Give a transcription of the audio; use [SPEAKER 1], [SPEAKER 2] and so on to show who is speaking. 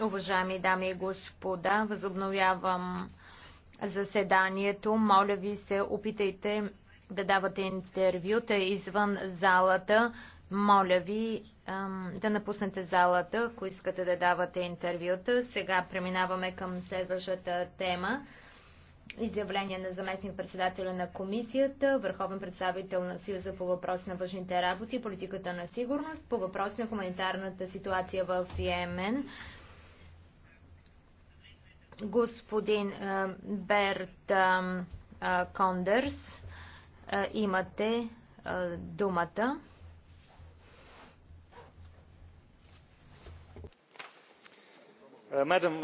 [SPEAKER 1] Уважаеми дами и господа, възобновявам заседанието. Моля ви се, опитайте да давате интервюта извън залата. Моля ви да напуснете залата, ако искате да давате интервюта. Сега преминаваме към следващата тема изявление на заместник-председателя на комисията, върховен представител на Съюза по въпрос на външните работи и политиката на сигурност, по въпрос на хуманитарната ситуация в Йемен. Господин е, Берт е, е, Кондърс, имате думата.
[SPEAKER 2] Madam